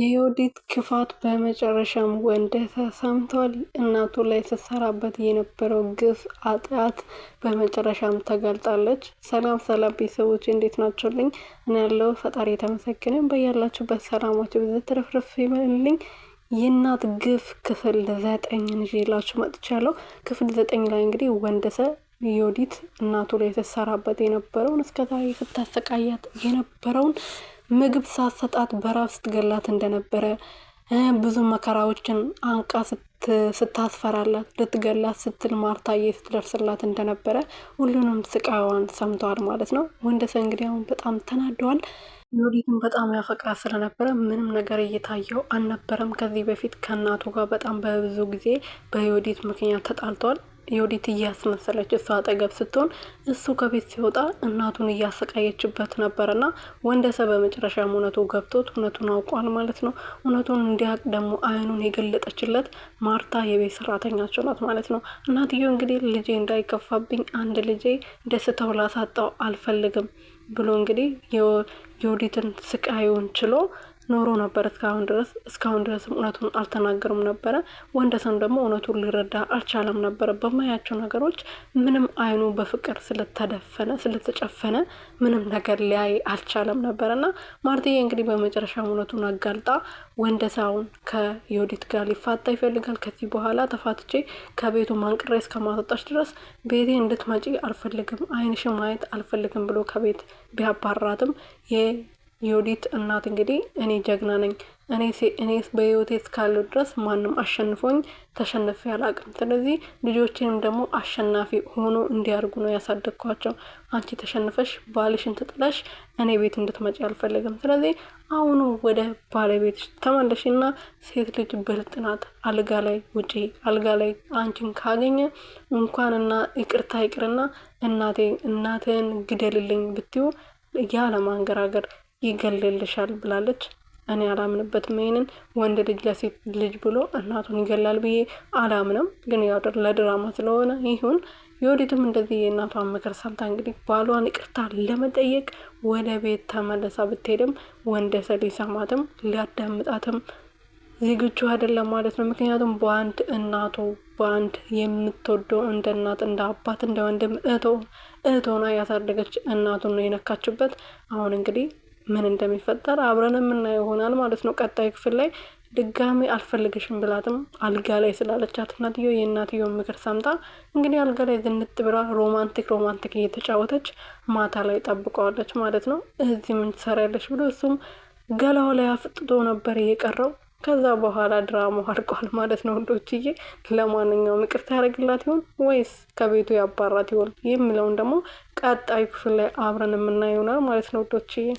የዮዲት ክፋት በመጨረሻም ወንደ ተሰምቷል። እናቱ ላይ ስትሰራበት የነበረው ግፍ አጥያት በመጨረሻም ተጋልጣለች። ሰላም ሰላም ቤተሰቦች እንዴት ናቸውልኝ? እኔ ያለው ፈጣሪ የተመሰገነን በያላችሁበት ሰላማችሁ ብዙ ትርፍርፍ ይበልልኝ። የእናት ግፍ ክፍል ዘጠኝን ይዤላችሁ መጥቻለሁ። ክፍል ዘጠኝ ላይ እንግዲህ ወንደሰ ዮዲት እናቱ ላይ ስትሰራበት የነበረውን እስከዛሬ ስታሰቃያት የነበረውን ምግብ ሳሰጣት በራብ ስትገላት እንደነበረ ብዙ መከራዎችን አንቃ ስታስፈራላት ልትገላት ስትል ማርታዬ ስትደርስላት እንደነበረ ሁሉንም ስቃዋን ሰምተዋል ማለት ነው። ወንደሰ እንግዲህ አሁን በጣም ተናደዋል። ኖዲትን በጣም ያፈቅራት ስለነበረ ምንም ነገር እየታየው አልነበረም። ከዚህ በፊት ከእናቱ ጋር በጣም በብዙ ጊዜ በዮዲት ምክንያት ተጣልተዋል። ዮዲት እያስመሰለች እሷ አጠገብ ስትሆን እሱ ከቤት ሲወጣ እናቱን እያሰቃየችበት ነበርና ወንደሰብ በመጨረሻም እውነቱ ገብቶት እውነቱን አውቋል ማለት ነው። እውነቱን እንዲያቅ ደግሞ አይኑን የገለጠችለት ማርታ የቤት ሰራተኛቸው ናት ማለት ነው። እናትዮ እንግዲህ ልጄ እንዳይከፋብኝ አንድ ልጄ ደስታው ላሳጣው አልፈልግም ብሎ እንግዲህ የወዲትን ስቃዩን ችሎ ኖሮ ነበር እስካሁን ድረስ እስካሁን ድረስም እውነቱን አልተናገሩም ነበረ። ወንደሰን ደግሞ እውነቱን ሊረዳ አልቻለም ነበረ። በማያቸው ነገሮች ምንም አይኑ በፍቅር ስለተደፈነ ስለተጨፈነ ምንም ነገር ሊያይ አልቻለም ነበረ እና ማርትዬ እንግዲህ በመጨረሻ እውነቱን አጋልጣ ወንደሳውን ከዮዲት ጋር ሊፋታ ይፈልጋል። ከዚህ በኋላ ተፋትቼ ከቤቱ ማንቅሬ እስከማስወጣሽ ድረስ ቤቴ እንድትመጪ አልፈልግም፣ አይንሽ ማየት አልፈልግም ብሎ ከቤት ቢያባራትም የወዲት እናት እንግዲህ እኔ ጀግና ነኝ፣ እኔስ በህይወቴ እስካለሁ ድረስ ማንም አሸንፎኝ ተሸንፌ አላውቅም። ስለዚህ ልጆችንም ደግሞ አሸናፊ ሆኖ እንዲያርጉ ነው ያሳደግኳቸው። አንቺ ተሸንፈሽ ባልሽን ትጥለሽ እኔ ቤት እንድትመጪ አልፈልግም። ስለዚህ አሁኑ ወደ ባለቤትሽ ተመለሽ እና ሴት ልጅ ብልጥ ናት። አልጋ ላይ ውጪ፣ አልጋ ላይ አንቺን ካገኘ እንኳንና ይቅርታ ይቅርና እናቴ እናትህን ግደልልኝ ብትዩ ያለማንገራገር ይገልልሻል ብላለች። እኔ አላምንበትም። ይህንን ወንድ ልጅ ለሴት ልጅ ብሎ እናቱን ይገላል ብዬ አላምንም። ግን ያው ለድራማ ስለሆነ ይሁን። የወዲትም እንደዚህ የእናቷን ምክር ሰምታ እንግዲህ ባሏን ይቅርታ ለመጠየቅ ወደ ቤት ተመለሳ ብትሄድም ወንድ ሰው ሊሰማትም ሊያዳምጣትም ዝግጁ አይደለም ማለት ነው። ምክንያቱም በአንድ እናቱ በአንድ የምትወደው እንደ እናት እንደ አባት እንደ ወንድም እህቶ እህቶና ያሳደገች እናቱን ነው የነካችበት። አሁን እንግዲህ ምን እንደሚፈጠር አብረን የምናየው ይሆናል ማለት ነው። ቀጣይ ክፍል ላይ ድጋሚ አልፈልግሽም ብላትም አልጋ ላይ ስላለቻት እናትዮ የእናትዮ ምክር ሰምታ እንግዲህ አልጋ ላይ ዝንጥ ብላ ሮማንቲክ ሮማንቲክ እየተጫወተች ማታ ላይ ጠብቀዋለች ማለት ነው። እዚህ ምን ትሰሪያለሽ ብሎ እሱም ገላው ላይ አፍጥጦ ነበር የቀረው። ከዛ በኋላ ድራማው አልቋል ማለት ነው ወንዶችዬ። ለማንኛውም ይቅርታ ያደርግላት ይሆን ወይስ ከቤቱ ያባራት ይሆን የሚለውን ደግሞ ቀጣዩ ክፍል ላይ አብረን የምናየው ይሆናል ማለት ነው ወንዶችዬ።